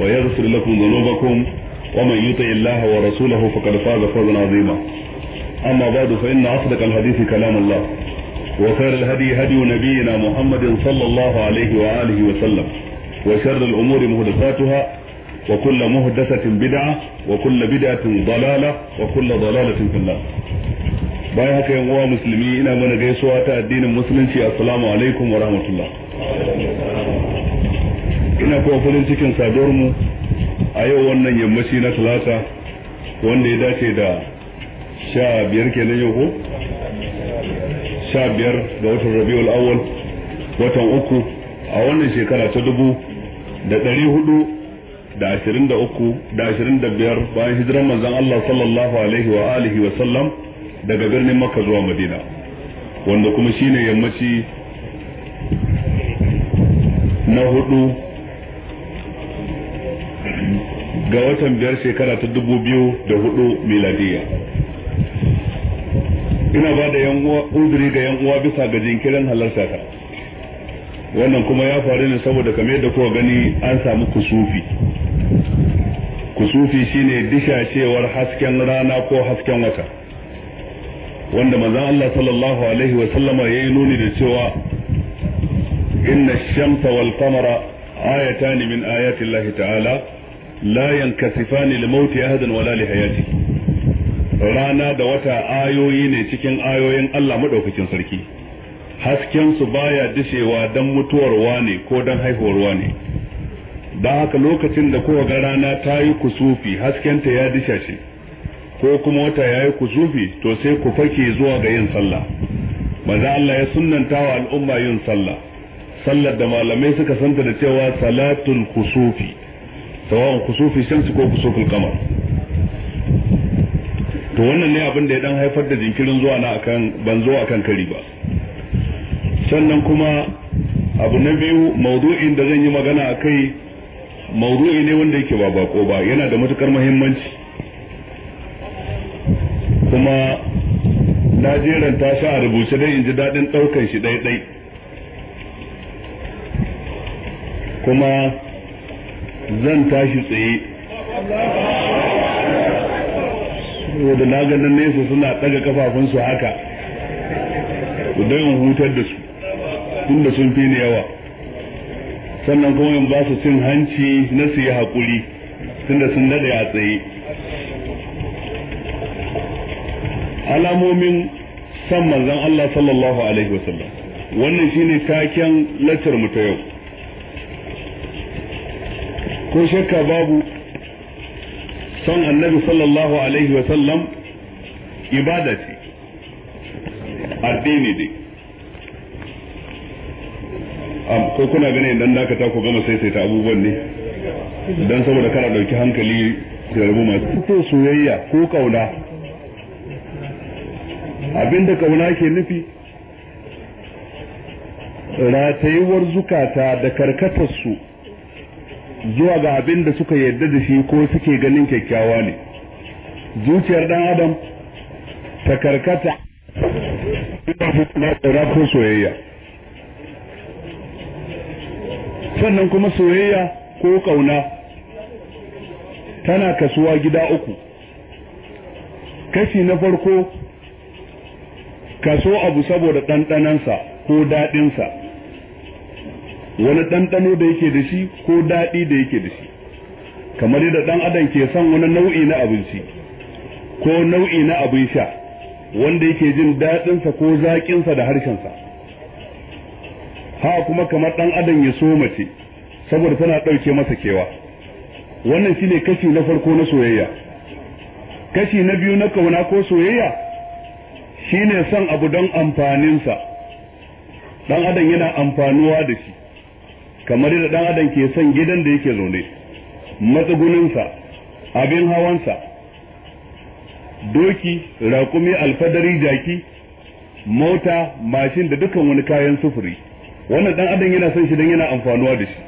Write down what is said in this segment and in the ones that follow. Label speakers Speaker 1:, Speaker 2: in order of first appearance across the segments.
Speaker 1: ويغفر لكم ذنوبكم ومن يطع الله ورسوله فقد فاز فوزا عظيما أما بعد فإن أصدق الحديث كلام الله وخير الهدي هدي نبينا محمد صلى الله عليه وآله وسلم وشر الأمور محدثاتها وكل محدثه بدعة وكل بدعة ضلالة وكل ضلالة في النار bayan haka yan uwa musulmi ina mana gaisuwa ta addinin musulunci assalamu alaikum wa rahmatullah ina kuma farin cikin sabuwar mu a yau wannan yammaci na talata wanda ya dace da sha biyar kenan yau ko sha biyar ga watan rabiul awwal watan uku a wannan shekara ta dubu da ɗari hudu da ashirin da uku da ashirin da biyar bayan hijiran manzan Allah sallallahu alaihi wa alihi wa sallam daga birnin Makka zuwa Madina wanda kuma shine yammaci na hudu ga watan biyar shekara ta dubu biyu da hudu miladiya ina ba da yan ga 'yan'uwa bisa ga jinkirin halarta ta wannan kuma ya faru ne saboda kamar da kowa gani an samu kusufi kusufi shine dishashewar hasken rana ko hasken wata wanda manzon Allah sallallahu alaihi wa sallama yayi nuni da cewa inna ash-shamsa wal qamara ayatan min ayati Allah ta'ala لا ينكسفان li mauti ولا لحياته رانا hayati rana da wata ayoyi ne cikin ayoyin Allah madaukakin sarki hasken su baya dishewa dan mutuwar wane ko dan haihuwar wane dan haka lokacin da kowa ga rana ta yi kusufi haskenta ya disha shi ko kuma wata ya yi kusufi to sai ku fake zuwa ga yin sallah maza Allah ya sunnanta wa al'umma yin sallah sallar da malamai suka santa da cewa salatul kusufi sawawan kusufi shamsi ko kusufin kamar to wannan ne abin da ya dan haifar da jinkirin zuwa na akan ban zo akan kari ba sannan kuma abu na biyu maudu'in da zan yi magana a kai maudu'i ne wanda yake ba bako ba yana da matukar mahimmanci kuma na jeranta shi a rubuce dai in ji daɗin ɗaukar shi ɗaiɗai kuma zan tashi tsaye saboda na ganin nesa suna ɗaga kafafunsu haka don in hutar da su da sun fi ni yawa sannan kuma in ba su cin hanci na su yi haƙuri tunda sun daɗe a tsaye alamomin san manzon Allah sallallahu alaihi wasallam wannan shine taken latar mu ta yau ko shakka babu son annabi sallallahu alaihi wa sallam ibada ce addini ne ko kuna ganin idan dakata ku gama sai sai ta abubuwan ne dan saboda kana dauki hankali da rubu masu ko soyayya ko kauna abinda kauna ke nufi ratayuwar zukata da karkatarsu zuwa ga abin da suka yarda da shi ko suke ganin kyakkyawa ne zuciyar dan adam ta karkata na tsira ko soyayya sannan kuma soyayya ko kauna tana kasuwa gida uku kashi na farko kaso abu saboda ɗanɗanansa ko daɗinsa wani ɗanɗano da yake da shi ko daɗi da yake da shi kamar yadda ɗan adam ke son wani nau'i na abinci ko nau'i na abin sha wanda yake jin daɗinsa ko zaƙinsa da harshensa ha kuma kamar ɗan adam ya so mace saboda tana ɗauke masa kewa wannan shine kashi na farko na soyayya kashi na biyu na kauna ko soyayya shine son abu don amfaninsa ɗan adam yana amfanuwa da shi kamar da dan adam ke son gidan da yake zaune matsuguninsa abin hawansa doki raƙumi alfadari jaki mota mashin da dukan wani kayan sufuri wannan dan adam yana son shi dan yana amfanuwa da shi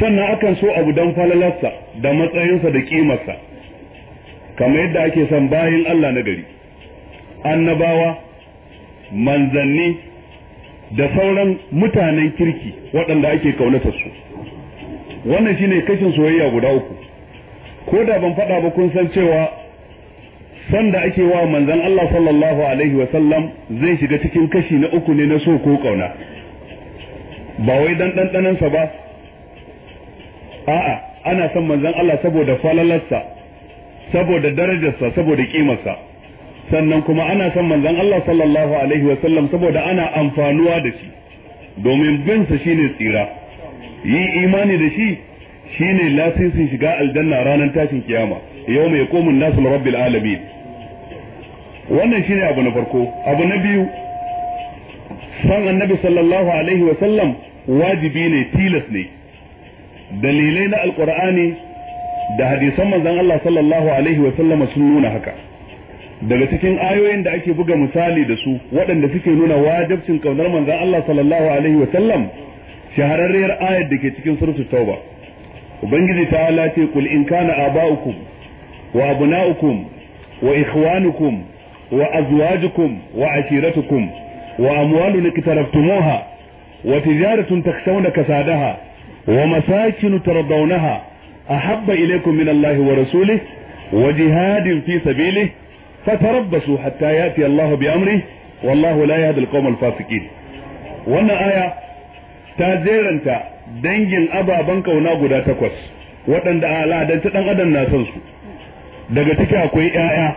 Speaker 1: sannan akan so abu dan falalarsa da matsayinsa da kimarsa kamar yadda ake son bayin Allah na gari annabawa manzanni da sauran mutanen kirki waɗanda ake kaunatar su wannan shine kashin soyayya guda uku ko da ban faɗa ba kun san cewa san da ake wa manzon Allah sallallahu alaihi wasallam zai shiga cikin kashi na uku ne na so ko kauna ba wai dan ɗanɗanansa ba a'a ana son manzon Allah saboda falalarsa saboda darajarsa saboda kimarsa sannan kuma ana son manzon Allah sallallahu alaihi wasallam saboda ana amfanuwa da shi domin bin sa shine tsira yi imani da shi shine lasisin shiga aljanna ranar tashin kiyama yau mai komun nasu rabbil alamin wannan shine abu na farko abu na biyu san annabi sallallahu alaihi wasallam wajibi ne tilas ne dalilai na Alƙur'ani da hadisan manzon Allah sallallahu alaihi wasallam sun nuna haka daga cikin ayoyin da ake buga misali da su waɗanda suke nuna wajibcin kaunar manzan Allah sallallahu alaihi wa sallam shahararriyar ayar da ke cikin suratul tauba ubangiji ta ala ce kul in kana aba'ukum wa abna'ukum wa ikhwanukum wa azwajukum wa ashiratukum wa amwalun iktaraftumuha wa tijaratun takshawna kasadaha wa masakin tardawnaha ahabba ilaykum min Allah wa rasulih wa jihadin fi sabilihi fatarabbasu hatta yati Allah bi amri wallahu wannan aya ta jeranta dangin ababen kauna guda takwas waɗanda al'adar ta ɗan adam na son su daga ciki akwai ƴaƴa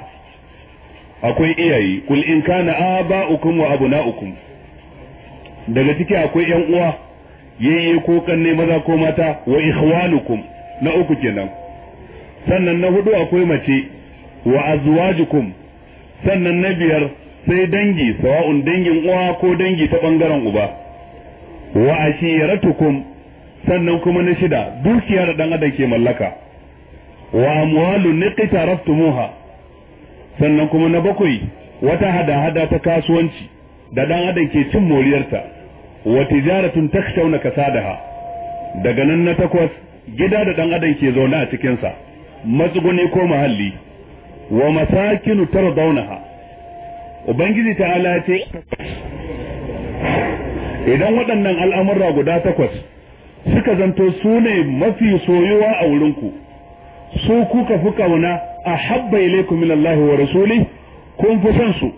Speaker 1: akwai iyaye kul in kana aba'ukum wa abna'ukum daga ciki akwai ƴan uwa yayye ko kanne maza ko mata wa ikhwanukum na uku kenan sannan na hudu akwai mace wa azwajukum sannan na biyar sai dangi sawa'un dangin uwa ko dangi ta bangaren uba wa ashiratukum sannan kuma na shida dukiyar dan adam ke mallaka wa niqita raftumuha sannan kuma na bakwai wata hada-hada ta kasuwanci da dan adam ke cin moriyarta wa tijaratun takshawna kasadaha daga nan na takwas gida da dan adam ke zaune a cikinsa matsuguni ko muhalli wa masakinu tardawnaha ubangiji ta'ala ce idan waɗannan al'amurra guda takwas suka zanto su ne mafi soyuwa a wurinku su kuka fi kauna a habba ilaikum min Allah wa rasuli kun fi son su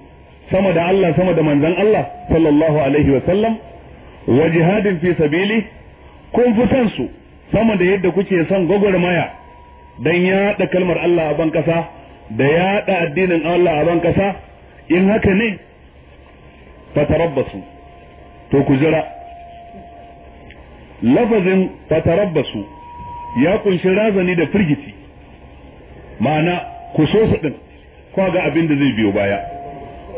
Speaker 1: sama da Allah sama da manzon Allah sallallahu alaihi wa sallam wa jihadin fi sabili kun fi son su sama da yadda kuke son gwagwarmaya dan yaɗa kalmar Allah a ban kasa da ya yaɗa addinin Allah a ban kasa in haka ne fatarabbasu to ku jira lafazin fatarabbasu ya kunshi razani da firgici ma'ana ku so su din ko ga abin da zai biyo baya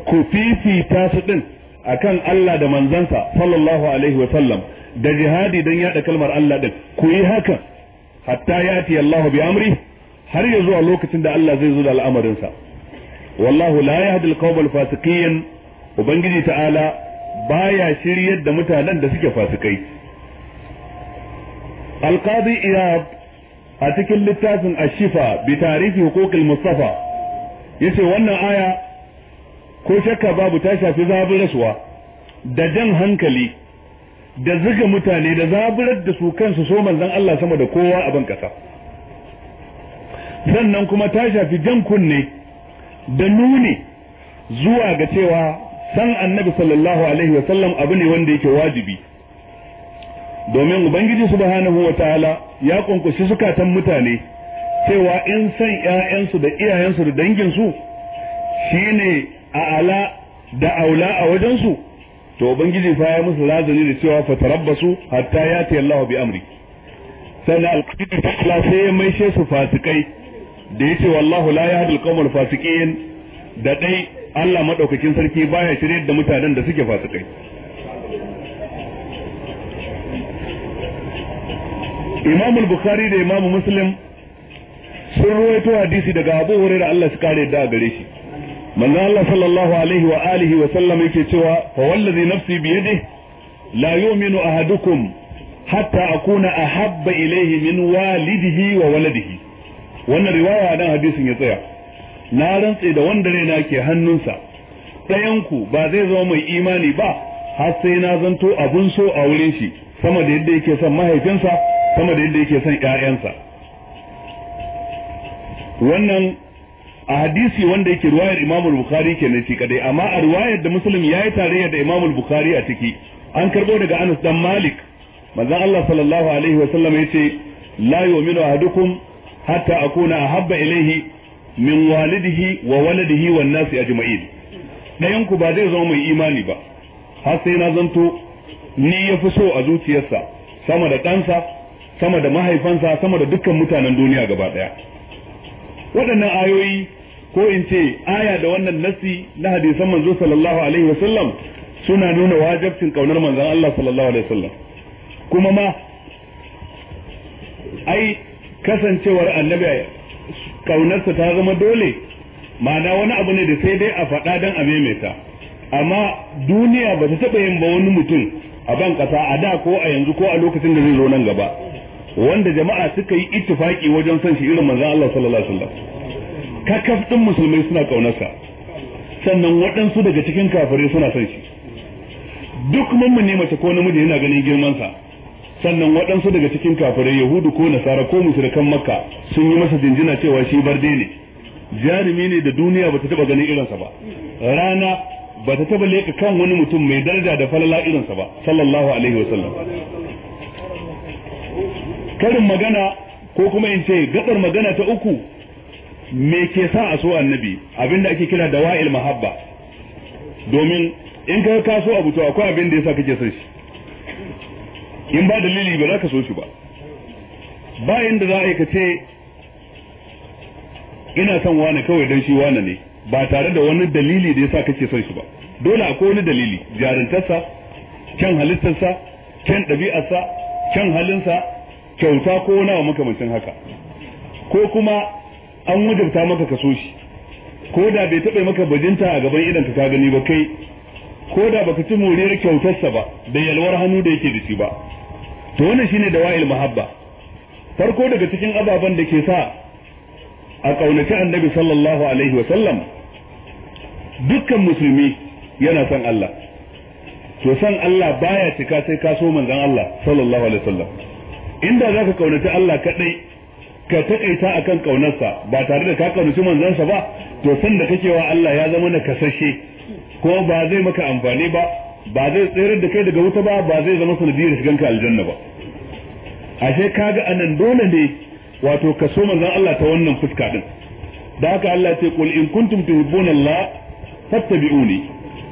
Speaker 1: ku fifita su din akan Allah da manzansa sallallahu alaihi wa sallam da jihadi don yaɗa kalmar Allah din ku yi haka hatta yati allah bi amri har ya zuwa lokacin da Allah zai zo da al'amarinsa wallahu la yahdi al-qawm al-fasiqin ubangiji ta'ala baya shiryar da mutanen da suke fasikai al-qadi iyab a cikin littafin ashifa bi tarihi huquqil mustafa yace wannan aya ko shakka babu ta shafi zabin rasuwa da jan hankali da zuga mutane da zaburar da su kansu so manzon Allah sama da kowa a ban kasa sannan kuma ta shafi jan kunne da nuni zuwa ga cewa san annabi sallallahu alaihi wasallam abu ne wanda yake wajibi domin ubangiji subhanahu ta'ala ya kunkushi sukatan mutane cewa in san ƴaƴansu da iyayensu da danginsu shine a'ala da aula a wajensu to ubangiji fa ya musu lazani da cewa fa tarabbasu hatta yati Allah bi amri na alqadir ta sai ya maishe fasikai da yace wallahu la yahdil qawmal fasiqin da dai Allah madaukakin sarki baya shirye da mutanen da suke fasikai Imam al-Bukhari da Imam Muslim sun ruwaito hadisi daga Abu Hurairah Allah shi kare da gare shi manzo Allah sallallahu alaihi wa alihi wa sallam yake cewa fa wallazi nafsi bi yadihi la yu'minu ahadukum hatta akuna ahabba ilayhi min walidihi wa waladihi wannan riwaya dan hadisin ya tsaya na rantse da wanda ne na ke hannunsa ku ba zai zama mai imani ba har sai na zanto abun so a wurin shi sama da yadda yake son mahaifinsa sama da yadda yake son ƴaƴansa wannan a hadisi wanda yake riwayar Imam al-Bukhari ne shi kadai amma a riwayar da Muslim yayi tarayya da Imam al-Bukhari a ciki an karbo daga Anas dan Malik manzon Allah sallallahu alaihi wa sallam yace la yu'minu ahadukum hatta a habba ilaihi min walidihi wa waladihi nasu nasi jima'i. dayan ba zai zama mai imani ba har sai na zanto ni ya fi so a zuciyarsa sama da ɗansa sama da mahaifansa sama da dukkan mutanen duniya gaba ɗaya waɗannan ayoyi ko in ce aya da wannan nasi na hadisan manzo sallallahu alaihi wasallam suna nuna wajibcin kaunar manzon Allah sallallahu alaihi wasallam kuma ma ai kasancewar annabi kaunarsa ta zama dole ma'ana wani abu ne da sai dai a faɗa don a maimaita amma duniya ba ta taɓa yin ba wani mutum a ban ƙasa a da ko a yanzu ko a lokacin da zai zo nan gaba wanda jama'a suka yi ittifaki wajen son shi irin manzan Allah sallallahu alaihi wasallam kakaf din musulmai suna kaunarsa sannan waɗansu daga cikin kafirai suna son shi duk ne mace ko namiji yana ganin girman sa sannan waɗansu daga cikin kafirai yahudu ko nasara ko musulkan makka sun yi masa jinjina cewa shi barde ne jarumi ne da duniya bata taba ganin irinsa ba rana bata taba leka kan wani mutum mai daraja da falala irinsa ba sallallahu alaihi wa sallam. karin magana ko kuma in ce gabar magana ta uku me ke sa a so annabi abinda ake kira da wa'il mahabba domin in ka kaso abu to akwai abin da yasa kake son shi in ba dalili ba za ka so shi ba bayan da za a yi ka ce ina son wane kawai don shi wane ne ba tare da wani dalili da yasa kake son shi ba dole akwai wani dalili jarintarsa kyan halittarsa kyan ɗabi'arsa kyan halinsa kyauta ko wani wa makamancin haka ko kuma an wajabta maka ka shi ko da bai taɓa maka bajinta a gaban idan ka gani ba kai ko da baka ci moriyar kyautarsa ba da yalwar hannu da yake da shi ba to wannan shine dawa'il mahabba farko daga cikin ababen da ke sa a kaunaci annabi sallallahu alaihi wa sallam dukkan musulmi yana son Allah to son Allah baya cika sai ka so manzon Allah sallallahu alaihi wa sallam inda zaka kaunaci Allah kadai ka takaita akan kaunarsa ba tare da ka kaunaci manzansa ba to san da kake wa Allah ya zama na kasashe ko ba zai maka amfani ba ba zai tsere da kai daga wuta ba ba zai zama sanadiyar shigan ka aljanna ba ashe kaga anan dole ne wato ka so manzon Allah ta wannan fuska din da haka Allah ce qul in kuntum tuhibbuna Allah fattabi'uni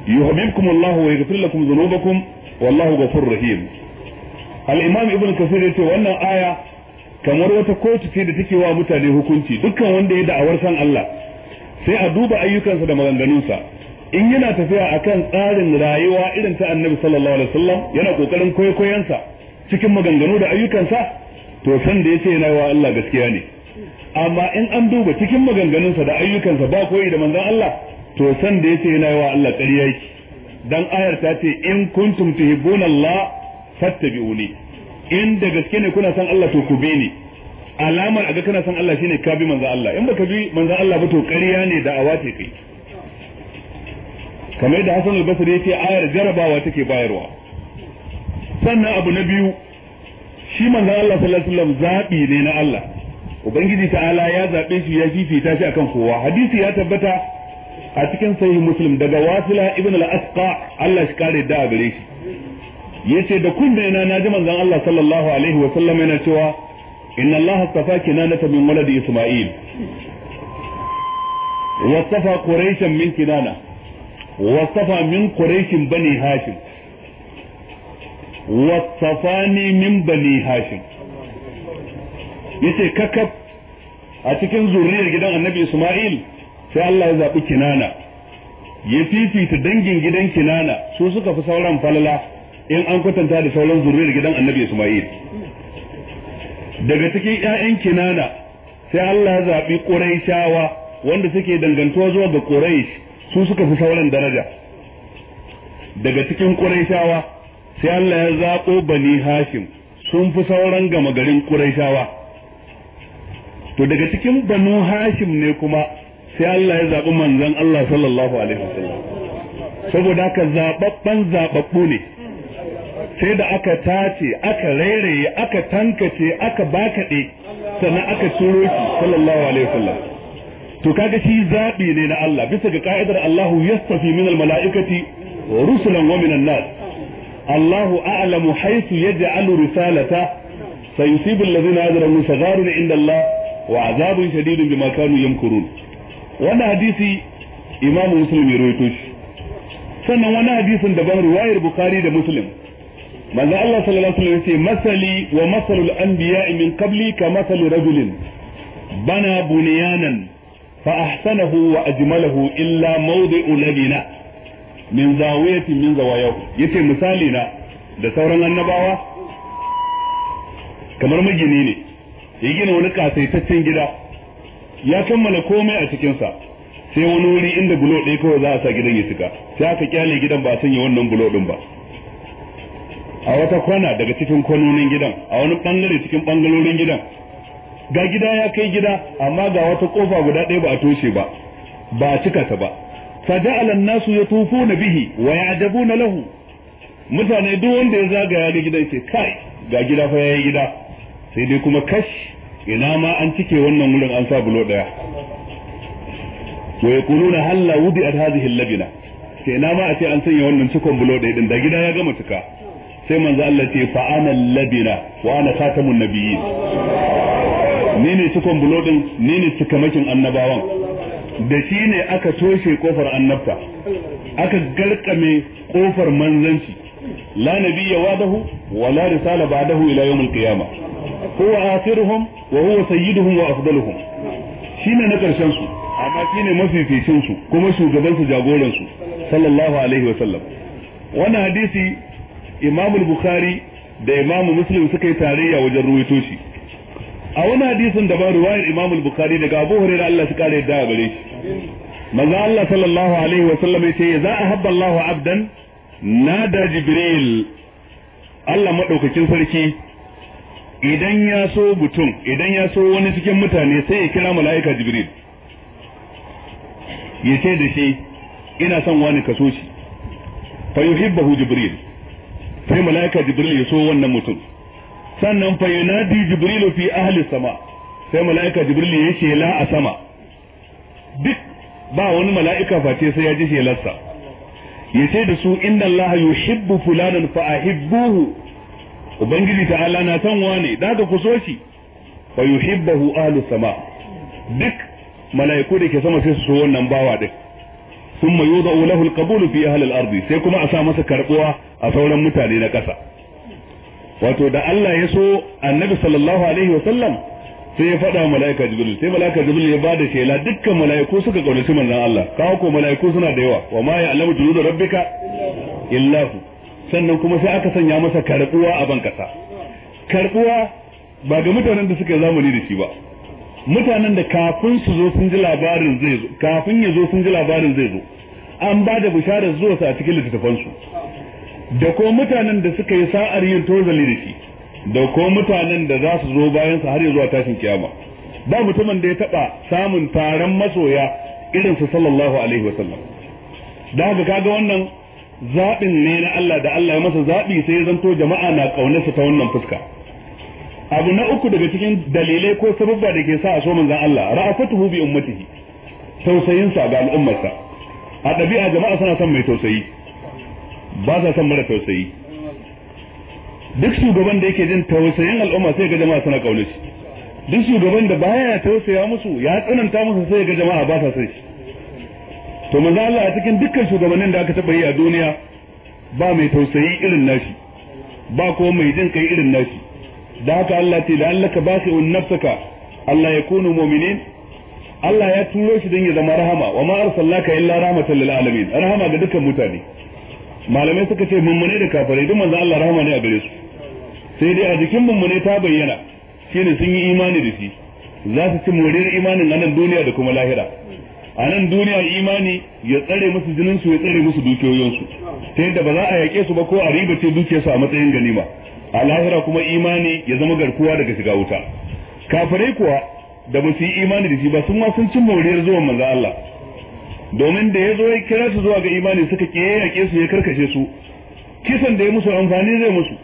Speaker 1: yuhibbukum Allah wa yaghfir lakum dhunubakum wallahu ghafurur rahim al-imam ibn kasir yace wannan aya kamar wata kotu ce da take wa mutane hukunci dukkan wanda ya da'awar san Allah sai a duba ayyukansa da maganganunsa in yana tafiya akan tsarin rayuwa irin ta annabi sallallahu alaihi wasallam yana kokarin kwaikwayansa cikin maganganu da ayyukansa to san da yace yana wa Allah gaskiya ne amma in an duba cikin maganganunsa da ayyukansa ba koyi da manzon Allah to san da yace yana wa Allah ƙarya yake dan ayar ta ce in kuntum tuhibbuna Allah fattabi'uni in da gaske ne kuna san Allah to ku bi ni alamar aga kana san Allah shine ka bi manzon Allah in baka bi manzon Allah ba to ƙarya ne da awace kai kamar da Hassan al ya ce ayar jarabawa take bayarwa sannan abu na biyu shi manzon Allah sallallahu alaihi wasallam zabi ne na Allah ubangiji ta'ala ya zabe shi ya fifita shi akan kowa hadisi ya tabbata a cikin sahih muslim daga wasila ibn al-asqa Allah shi kare da gare shi yace da kunne na naji manzon Allah sallallahu alaihi wasallam yana cewa inna Allah astafa kinanata min waladi isma'il wa tafa quraishan min kinana wasafa min quraishin bani hashim wasafani min bani hashim yace kakab a cikin zuriyar gidan annabi isma'il sai Allah ya zabi kinana ya fifita dangin gidan kinana su suka fi sauran falala in an kwatanta da sauran zuriyar gidan annabi Ismail daga cikin 'ya'yan kinana sai Allah ya zaɓi Qurayshawa wanda suke dangantuwa zuwa ga Quraysh su suka fi sauran daraja daga cikin ƙuraishawa sai Allah ya zaɓo bani hashim sun fi sauran gama garin ƙuraishawa to daga cikin banu hashim ne kuma sai Allah ya zaɓi manzon Allah sallallahu alaihi wasallam saboda haka zaɓaɓɓen zaɓaɓɓu ne sai da aka tace aka rairaye aka tankace aka bakaɗe sannan aka turo shi sallallahu alaihi wasallam to kaga shi zabi ne na Allah bisa ga ka'idar Allahu yastafi min almalaikati rusulan wa min nas Allahu a'lamu haythu yaj'alu risalata sayusibu alladhina yajramu sagharun inda Allah wa azabun shadidun bima kanu yamkurun wannan hadisi Imam Muslim ya rawaito shi sannan wani hadisin daban riwayar Bukhari da Muslim manzo Allah sallallahu alaihi wasallam yace masali wa masalul anbiya'i min qabli ka masali rajulin bana bunyanan fa ahsanahu wa ajmalahu illa mawdi'u labina min zawiyatin min zawayahu yace misali na da sauran annabawa kamar magini ne ya gina wani kasaitaccen gida ya kammala komai a cikinsa sai wani wuri inda bulo ɗaya kawai za a sa gidan ya cika sai aka kyale gidan ba a sanya wannan bulo ɗin ba a wata kwana daga cikin kwanonin gidan a wani bangare cikin bangarorin gidan ga gida ya kai gida amma ga wata kofa guda ɗaya ba a toshe ba ba a cika ta ba faja'ala an-nasu yatufuna bihi wa na lahu mutane duk wanda ya zagaya ga gida yake kai ga gida fa yayi gida sai dai kuma kash ina ma an cike wannan wurin an sa bulo daya wa na halla wudi'at hadhihi al-labina sai ina ma a ce an sanya wannan cikon bulo daya din da gida ya gama cika sai manzo Allah ce fa ana labina wa ana khatamun nabiyyin ni ne cikon bulodin ni ne cikamakin annabawan da shi ne aka toshe kofar annabta aka garkame kofar manzanci la nabiyya wadahu wa la risala ba'dahu ila yawm al-qiyamah huwa akhiruhum wa huwa sayyiduhum wa afdaluhum shine na karshen su amma shine mafificin su kuma shugaban su jagoran su sallallahu alaihi wa sallam wannan hadisi imamul Bukhari da Imam Muslim suka yi tarayya wajen ruwaito shi a wani hadisin da ba ruwayar Imam al-Bukhari daga Abu Hurairah Allah shi kare da gare shi manzo Allah sallallahu alaihi wa sallam yace za a habba Allahu abdan nada Jibril Allah madaukakin sarki idan ya so mutum idan ya so wani cikin mutane sai ya kira mala'ika Jibril yace da shi ina son wani kaso shi fa yuhibbu Jibril sai mala'ika Jibril ya so wannan mutum sannan fa yunadi jibrilu fi ahli sama sai mala'ika jibril ya shela a sama duk ba wani mala'ika face sai ya ji shelarsa ya ce da su inna allaha yuhibbu fulanan fa ahibbuhu ubangiji ta'ala na san wane da kusoshi ku so shi fa yuhibbuhu ahli sama duk mala'iku da ke sama sai su so wannan bawa din ثم يوضع له القبول في أهل الأرض سيكون أسامة كربوة mutane متالي لكسا wato da Allah ya so annabi sallallahu alaihi wasallam sai ya faɗa mala'ika jibril sai mala'ika jibril ya bada shela dukkan mala'iku suka kaunaci manzon Allah kawo ko mala'iku suna da yawa wa ma ya'lamu junuda rabbika illa hu sannan kuma sai aka sanya masa karbuwa a bankasa karbuwa ba ga mutanen da suka zamani da shi ba mutanen da kafin su zo sun ji labarin zai zo kafin ya zo sun ji labarin zai zo an ba da bisharar zuwa sa a cikin littattafansu da ko mutanen da suka yi sa'ar yin tozali da shi da ko mutanen da za su zo bayan sa har zuwa tashin kiyama ba mutumin da ya taba samun taron masoya irin su sallallahu alaihi wa sallam. da haka kaga wannan zaɓin ne na Allah da Allah ya masa zaɓi sai ya zanto jama'a na ƙaunarsa ta wannan fuska abu na uku daga cikin dalilai ko sababba da ke sa a so manzon Allah ra'afatuhu bi ummatihi tausayinsa ga al'ummarsa a ɗabi'a jama'a suna son mai tausayi ba sa son mara tausayi duk shugaban da yake jin tausayin al'umma sai ga jama'a suna kaune shi duk shugaban da baya tausaya musu ya tsananta musu sai ga jama'a ba sa son shi to manzo Allah a cikin dukkan shugabannin da aka taba yi a duniya ba mai tausayi irin nashi ba ko mai jin kai irin nashi da haka Allah ce da Allah ka ba un nafsaka Allah ya kunu mu'minin Allah ya turo shi don ya zama rahama wa ma arsalnaka illa rahmatan lil alamin rahama ga dukkan mutane malamai suka ce mummune da kafirai duk manzo Allah rahama ne a gare su sai dai a jikin mummune ta bayyana shine sun yi imani da shi za su ci moriyar imanin a nan duniya da kuma lahira a nan duniya imani ya tsare musu jinin su ya tsare musu dukiyoyinsu ta yadda ba za a yaƙe su ba ko a riba ce duke su a matsayin ganima a lahira kuma imani ya zama garkuwa daga shiga wuta kafirai kuwa da ba yi imani da shi ba sun ma sun cin moriyar zuwan manzo Allah domin da ya zo ya kira su zuwa ga imani suka ke su ya karkashe su kisan da ya musu amfani zai musu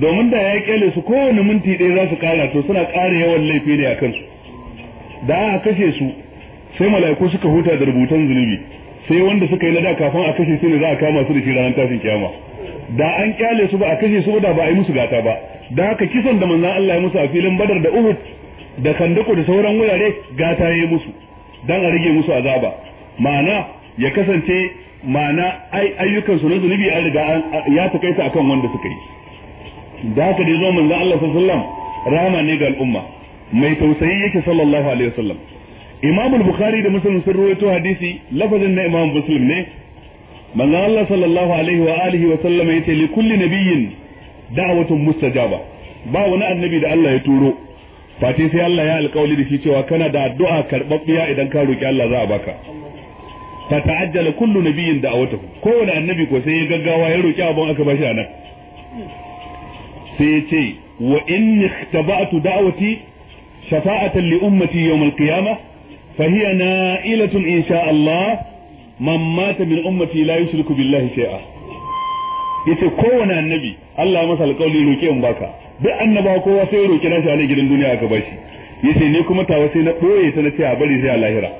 Speaker 1: domin da ya kyale su kowane minti ɗaya za su kara to suna ƙara yawan laifi ne a kansu da a kashe su sai mala'iku suka huta da rubutan zunubi sai wanda suka yi lada kafin a kashe su ne za a kama su da shi ranar tashin kiyama da an kyale su ba a kashe su ba da ba a yi musu gata ba da haka kisan da manzon Allah ya musu a filin Badar da Uhud da Kandako da sauran wurare gata ya yi musu dan a rage musu azaba ma'ana ya kasance ma'ana ayyukan su na zunubi an riga ya takaita akan wanda suka yi da haka dai zo manzo Allah sallallahu alaihi wasallam rahama ne ga al'umma mai tausayi yake sallallahu alaihi wasallam Imam al-Bukhari da Muslim sun rawaito hadisi lafazin na Imam Muslim ne manzo Allah sallallahu alaihi wa alihi wa sallam yace li kulli nabiyyin da'watun mustajaba ba wani annabi da Allah ya turo fati sai Allah ya alƙawli da shi cewa kana da addu'a karɓaɓɓiya idan ka roki Allah za a baka fa ta'ajjala kullu nabiyyin da'awatahu kowane annabi ko sai ya gaggawa ya roki abun aka bashi anan sai ya ce wa in ikhtaba'tu da'wati shafa'atan li ummati yawm al-qiyamah fa hiya na'ilatun insha Allah man mata min ummati la yushriku billahi shay'a yace kowane annabi Allah masa alƙawli roke in baka duk annabawa kowa sai ya roki nashi a gidan duniya aka bashi yace ne kuma tawa sai na boye ta na ce a bari sai a lahira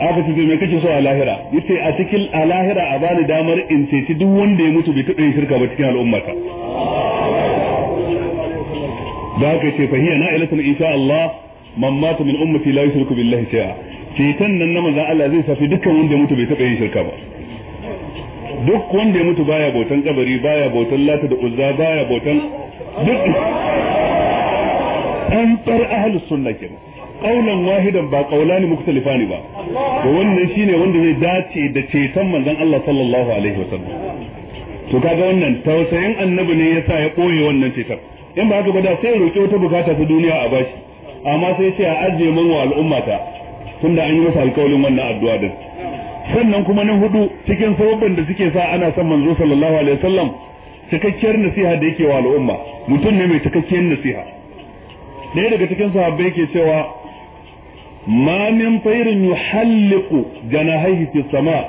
Speaker 1: aka ce me kake so a lahira yace a cikin a lahira a bani damar in ceci duk wanda ya mutu bai taɓa yin shirka ba cikin al'ummata da haka ce fa hiya na'ilatun insha Allah man mata min ummati la yushriku billahi shay'a ceton nan na manzon Allah zai safi dukkan wanda ya mutu bai taɓa yin shirka ba duk wanda ya mutu baya bautan kabari baya bautan lata da uzza baya bautan duk an far ahlus sunna kenan qaulan wahidan ba qaulani mukhtalifani ba to wannan shine wanda zai dace da ceton manzon Allah sallallahu alaihi sallam to kaga wannan tausayin annabi ne yasa ya koye wannan cetan in ba haka ba da sai roƙi wata bukata ta duniya a bashi amma sai sai a ajiye man wa al'ummata tunda an yi masa alƙawarin wannan addu'a din sannan kuma na hudu cikin sababban da suke sa ana son manzo sallallahu alaihi wasallam cikakkiyar nasiha da yake wa al'umma mutum ne mai cikakkiyar nasiha ɗaya daga cikin sahabbai ke cewa ma min tayrin yuhalliqu janahihi fi sama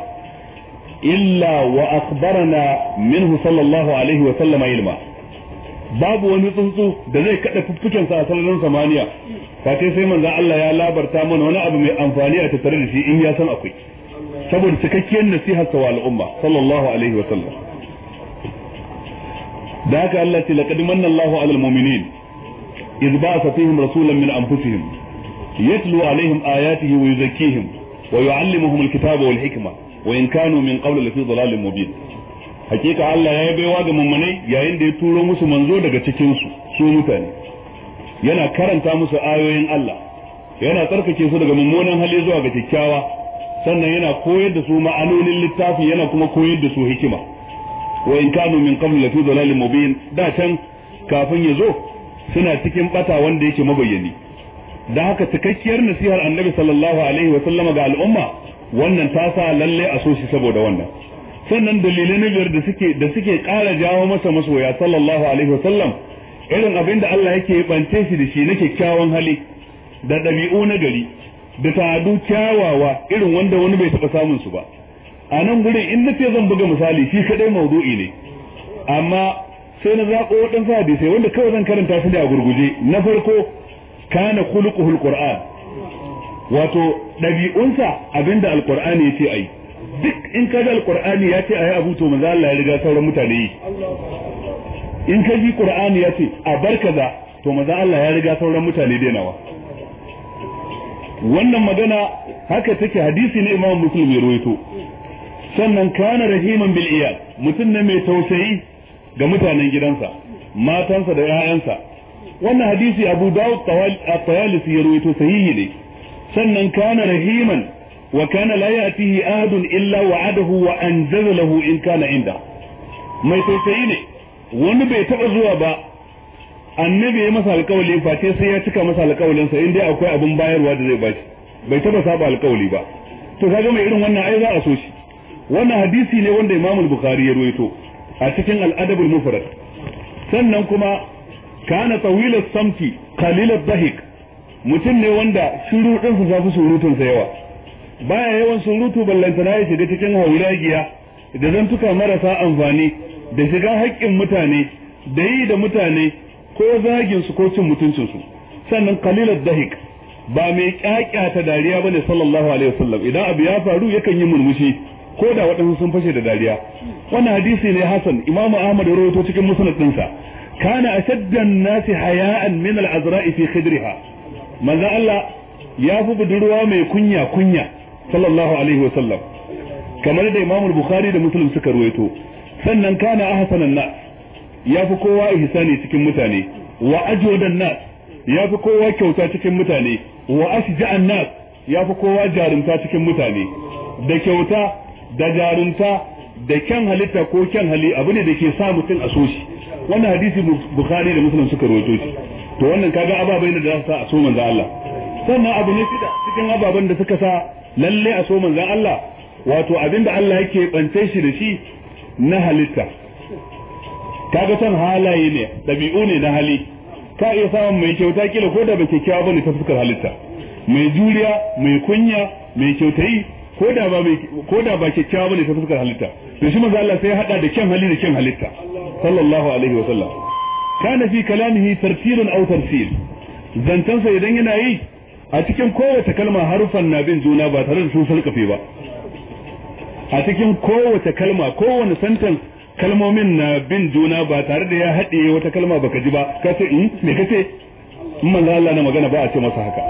Speaker 1: illa wa akhbarana minhu sallallahu alaihi wa sallam ilma babu wani tsuntsu da zai kada fuffukensa a sararin samaniya kace sai manzon Allah ya labarta mana wani abu mai amfani a tattare da shi in ya san akwai saboda cikakkiyar nasihar sa wa al'umma sallallahu alaihi wa sallam da haka Allah ce laqad manna mu'minin إذ بعث فيهم رسولا من أنفسهم يتلو عليهم آياته ويزكيهم ويعلمهم الكتاب والحكمة وإن كانوا من قبل لفي ضلال مبين hakika Allah ya yi baiwa ga mummunai yayin da ya turo musu manzo daga cikin su su mutane yana karanta musu ayoyin Allah yana tsarkake su daga mummunan hali zuwa ga kyakkyawa sannan yana koyar da su ma'anonin littafi yana kuma koyar da su hikima wa in kanu min qabl lafi dhalalin mubin da can kafin ya zo suna cikin ɓata wanda yake mabayyani da haka cikakkiyar nasihar annabi sallallahu alaihi wa sallama ga al'umma wannan ta sa lalle a so shi saboda wannan sannan dalilai na biyar da suke da suke ƙara jawo masa masoya sallallahu alaihi wa sallam irin abin da Allah yake bance shi da shi na kyakkyawan hali da dabi'u na gari da tadu kyawawa irin wanda wani bai taɓa samun su ba a nan gurin in na ce zan buga misali shi kadai maudu'i ne amma sai na zaɓo waɗansu sai wanda kawai zan karanta su da a gurguje na farko kana kulukuhu alquran wato dabi'unsa abinda alqur'ani yace ai duk in kaga alqur'ani yace ai abu to manzo Allah ya riga sauran mutane yi in ka ji qur'ani yace a bar kaza to manzo Allah ya riga sauran mutane denawa wannan magana haka take hadisi ne Imam Muslim ya ruwaito. sannan kana rahiman bil iyal mutum ne mai tausayi ga mutanen gidansa matansa da 'ya'yansa wannan hadisi abu dawud at-tayalisi ya rawaito sahihi ne sannan kana rahiman wa kana la yatihi ahadun illa wa'adahu wa anzala lahu in kana inda mai tausayi ne wani bai taba zuwa ba annabi ya masa alƙawali face sai ya cika masa alƙawalin sa inda akwai abin bayarwa da zai bashi bai taba saba alƙawali ba to kaga mai irin wannan ai za a so shi wannan hadisi ne wanda Imam Bukhari ya rawaito a cikin Al-Adab al-Mufrad sannan kuma kana tawila samti qalila dahik mutum ne wanda shiru din sa zafi surutun sa yawa baya yawan surutu na ya da cikin hauragiya da zantuka marasa amfani da shiga haƙƙin mutane da yi da mutane ko zagin su ko cin mutuncin su sannan qalila dahik ba mai kyakyata dariya bane sallallahu alaihi wasallam idan abu ya faru yakan yi murmushi ko da waɗansu sun fashe da dariya wannan hadisi ne hasan imam ahmad ya rawaito cikin musnad ɗinsa kana shaddan nasi haya'an min al-azra'i fi khidriha Allah ya fi budurwa mai kunya kunya sallallahu alaihi wa sallam kamar da Imam Bukhari da Muslim suka ruwaito sannan kana ahsanan na ya fi kowa ihsani cikin mutane wa ajwadan nas ya fi kowa kyauta cikin mutane wa ashja'an na ya fi kowa jarumta cikin mutane da kyauta da jarumta da kyan halitta ko kyan hali abu ne da ke sa mutum a so shi wannan hadisi bukhari da muslim suka rawaito shi to wannan kaga ababai da za sa a so manzo Allah sannan abu ne shida cikin ababen da suka sa lalle a so manzo Allah wato abin da Allah yake bance shi da shi na halitta kaga san halaye ne dabi'u ne na hali ka iya samun mai kyauta kila ko da ba kyakkyawa bane ta fuskar halitta mai juriya mai kunya mai kyautayi ko da ba ko da ba kyakkyawa bane ta fuskar halitta to shi manzo Allah sai ya hada da kyan hali da kyan halitta sallallahu alaihi wa sallam kana fi kalamihi tartilun aw tarsil sa idan yana yi a cikin kowace kalma harufan na bin juna ba tare da sun sarkafe ba a cikin kowace kalma kowane santan kalmomin na bin juna ba tare da ya haɗe wata kalma baka ji ba ka ce in hmm, me ce. in manzo Allah na magana ba a ce masa haka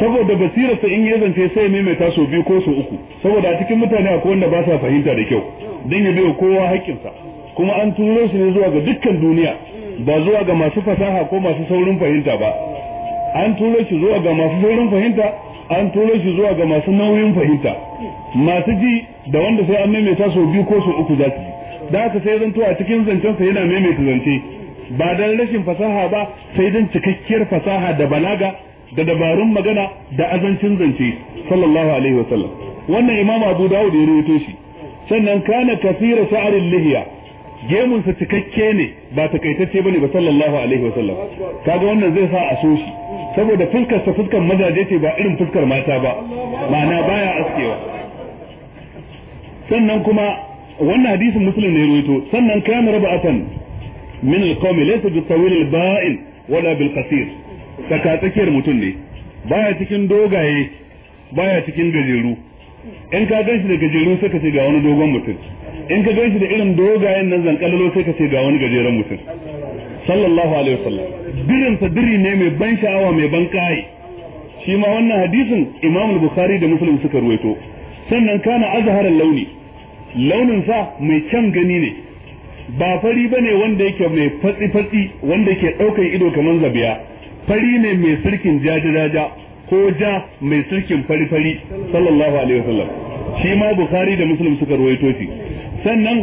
Speaker 1: saboda basirarsa in ya zance sai maimaita so biyu ko so uku saboda a cikin mutane akwai wanda ba sa fahimta da kyau dan ya biyo kowa haƙƙinsa kuma an turo shi ne zuwa ga dukkan duniya ba zuwa ga masu fasaha ko masu saurin fahimta ba an turo shi zuwa ga masu saurin fahimta an turo shi zuwa ga masu nauyin fahimta masu ji da wanda sai an maimaita sau biyu ko sau uku za su ji da haka sai zanto a cikin zancen sa yana maimaita zance ba dan rashin fasaha ba sai dan cikakkiyar fasaha da balaga da dabarun magana da azancin zance sallallahu alaihi wasallam wannan imamu abu dawud ya rawaito shi sannan kana kasira sha'arin lihiya gemunsa cikakke ne ba takaitacce bane ba sallallahu alaihi wa sallam kaga wannan zai sa a so shi saboda fuskar sa fuskar mazaje ce ba irin fuskar mata ba ma'ana baya askewa sannan kuma wannan hadisin muslim ne ruwaito sannan kayan rabatan min alqawm laysa bi tawil ba'in wala bil qasir saka tsakiyar mutum ne baya cikin dogaye baya cikin gajeru in ka ganshi da gajeru suka ce ga wani dogon mutum in ka ganshi da irin dogayen nan zankalalo sai ka ce ga wani gajeren mutum sallallahu alaihi wasallam birin sa diri ne mai ban sha'awa mai ban kai shi ma wannan hadisin Imam Bukhari da Muslim suka ruwaito sannan kana azharar launi launin sa mai kyan gani ne ba fari bane wanda yake mai fatsi fatsi wanda yake daukar ido kamar zabiya fari ne mai sirkin jajiraja ko ja mai sirkin fari fari sallallahu alaihi wasallam shi ma Bukhari da Muslim suka ruwaito shi sannan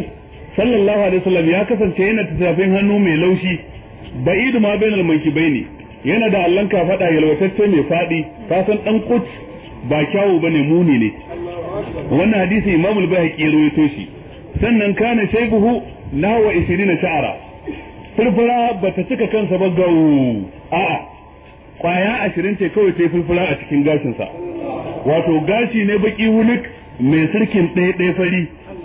Speaker 1: sallallahu alaihi wasallam ya kasance yana tafafin hannu mai laushi ba'idu ma bainal mankibaini yana da allon fada yalwatacce mai fadi ka san dan kut ba kyawu bane muni ne wannan hadisi imamul bayhaqi ya rawaito shi sannan kana shaybuhu nawa 20 sha'ara furfura bata cika kansa ba a a kwaya ashirin ce kawai ta furfura a cikin gashinsa wato gashi ne baki wulik mai sarkin ɗaya ɗaya fari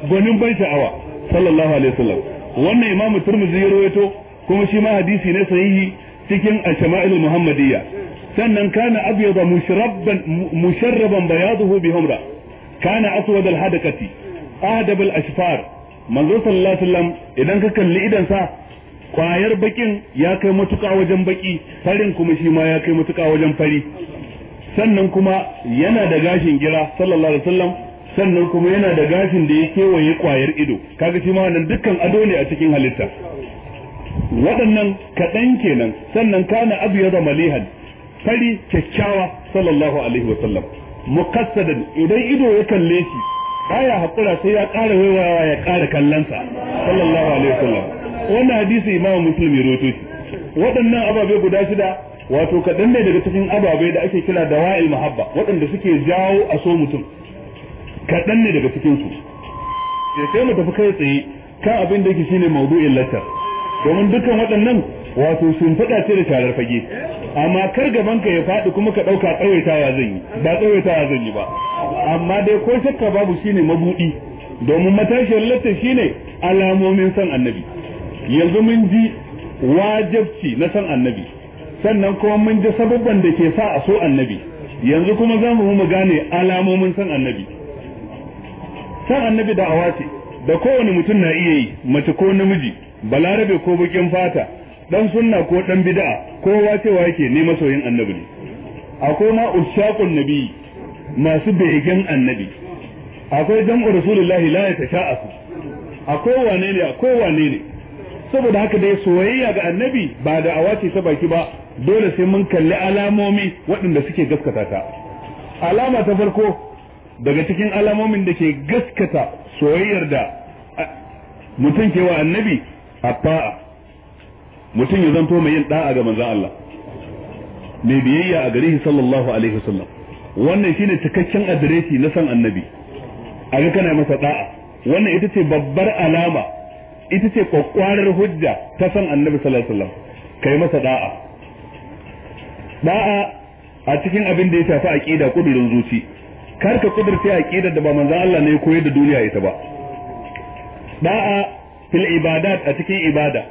Speaker 1: gwanin ban sha'awa sallallahu alaihi wasallam wannan imamu turmuzi ya rawaito kuma shi ma hadisi ne sahihi cikin ashama'il muhammadiyya sannan kana abyada mushrabban musharraban bayaduhu bi humra kana aswad al hadakati ahdab al ashfar manzo sallallahu alaihi wasallam idan ka kalli idan sa kwayar bakin ya kai matuka wajen baki farin kuma shi ma ya kai matuka wajen fari sannan kuma yana da gashin gira sallallahu alaihi wasallam sannan kuma yana da gashin da ya kewaye kwayar ido kaga shi ma wannan dukkan ado ne a cikin halitta waɗannan kaɗan kenan sannan kana zama lihan fari kyakkyawa sallallahu alaihi wa sallam mukassadan idan ido ya kalle shi baya hakura sai ya ƙara waiwayawa ya ƙara kallonsa sallallahu alaihi wa sallam wannan hadisi imamu muslim ya shi waɗannan ababe guda shida wato kaɗan ne daga cikin ababe da ake kira dawa'il mahabba waɗanda suke jawo a so mutum kaɗan ne daga cikin cikinsu sai mu tafi kai tsaye kan abin da yake shine maudu'in lattar domin dukkan waɗannan wato sun faɗa ce da tarar fage amma kar gaban ka ya faɗi kuma ka ɗauka tsawaitawa zan yi ba tsawaitawa zan yi ba amma dai ko shakka babu shine mabuɗi domin matashiyar lattar shine alamomin san annabi yanzu mun ji wajabci na san annabi sannan kuma mun ji sababban da ke sa a so annabi yanzu kuma za mu mu gane alamomin san annabi san annabi da awace da kowane mutum na iya yi mace ko namiji balarabe ko bakin fata dan sunna ko dan bid'a kowa cewa yake ne masoyin annabi ne akwai ma ushaqun nabi masu begen annabi akwai dan rasulullahi la yatasha'asu akwai wane ne akwai wane ne saboda haka dai soyayya ga annabi ba da awace ta baki ba dole sai mun kalli alamomi waɗanda suke gaskata ta alama ta farko daga cikin alamomin da ke gaskata soyayyar da mutum ke wa annabi a fa'a mutum ya zanto mai yin da'a ga manzan Allah mai biyayya a gare shi sallallahu alaihi wasallam wannan shine cikakken adireshi na san annabi a ga kana masa da'a wannan ita ce babbar alama ita ce kwakwarar hujja ta san annabi sallallahu alaihi wasallam kai masa da'a da'a a cikin abin da ya shafi aqida kudurin zuci kar ka a aqidar da ba manzon Allah ne koyar da duniya ita ba da'a fil ibadat a cikin ibada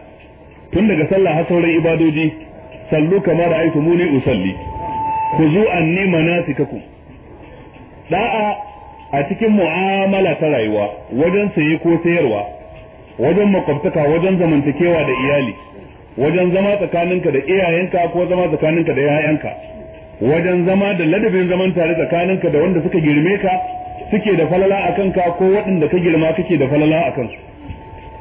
Speaker 1: tun daga sallah har sauran ibadoji sallu kamar muni usalli ku an anni manasikaku da'a a cikin mu'amala ta rayuwa wajen saye ko sayarwa wajen makwabtaka wajen zamantakewa da iyali wajen zama tsakaninka da iyayenka ko zama tsakaninka da 'ya'yanka wajen zama da ladabin zaman tare tsakaninka da wanda suka girme ka suke da falala a kanka ko waɗanda ka girma kake da falala a kansu